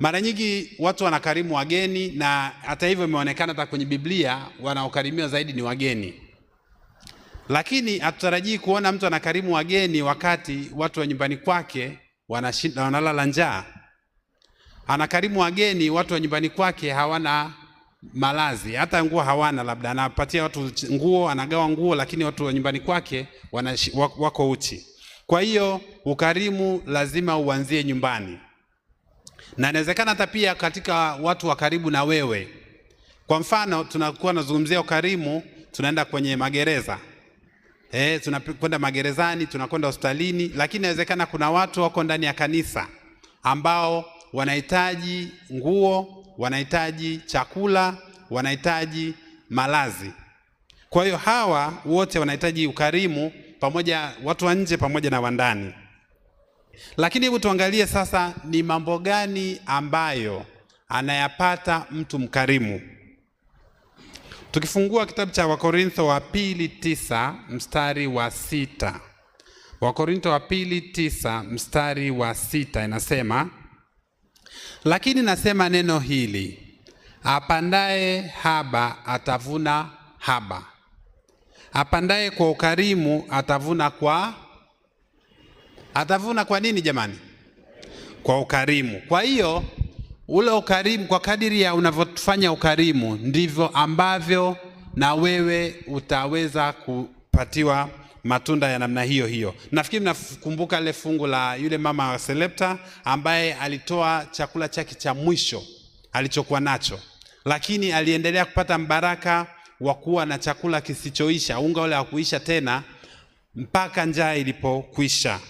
Mara nyingi watu wanakarimu wageni, na hata hivyo imeonekana hata kwenye Biblia wanaokarimiwa zaidi ni wageni, lakini hatutarajii kuona mtu anakarimu wageni wakati watu wa nyumbani kwake wanashinda wanalala njaa. Anakarimu wageni, watu wa nyumbani kwake hawana malazi, hata nguo hawana, labda anapatia watu nguo, anagawa nguo, lakini watu wa nyumbani kwake wako uchi. Kwa hiyo ukarimu lazima uanzie nyumbani na inawezekana hata pia katika watu wa karibu na wewe. Kwa mfano, tunakuwa tunazungumzia ukarimu, tunaenda kwenye magereza eh, tunakwenda magerezani, tunakwenda hospitalini, lakini inawezekana kuna watu wako ndani ya kanisa ambao wanahitaji nguo, wanahitaji chakula, wanahitaji malazi. Kwa hiyo hawa wote wanahitaji ukarimu, pamoja watu wa nje pamoja na wandani ndani. Lakini hebu tuangalie sasa ni mambo gani ambayo anayapata mtu mkarimu. Tukifungua kitabu cha Wakorintho wa pili tisa mstari wa sita Wakorintho wa pili tisa mstari wa sita inasema, lakini nasema neno hili, apandaye haba atavuna haba, apandaye kwa ukarimu atavuna kwa atavuna kwa nini jamani? Kwa ukarimu. Kwa hiyo ule ukarimu, kwa kadiri ya unavyofanya ukarimu, ndivyo ambavyo na wewe utaweza kupatiwa matunda ya namna hiyo hiyo. Nafikiri mnakumbuka ile fungu la yule mama wa Selepta ambaye alitoa chakula chake cha mwisho alichokuwa nacho, lakini aliendelea kupata mbaraka wa kuwa na chakula kisichoisha, unga ule kuisha tena mpaka njaa ilipokwisha.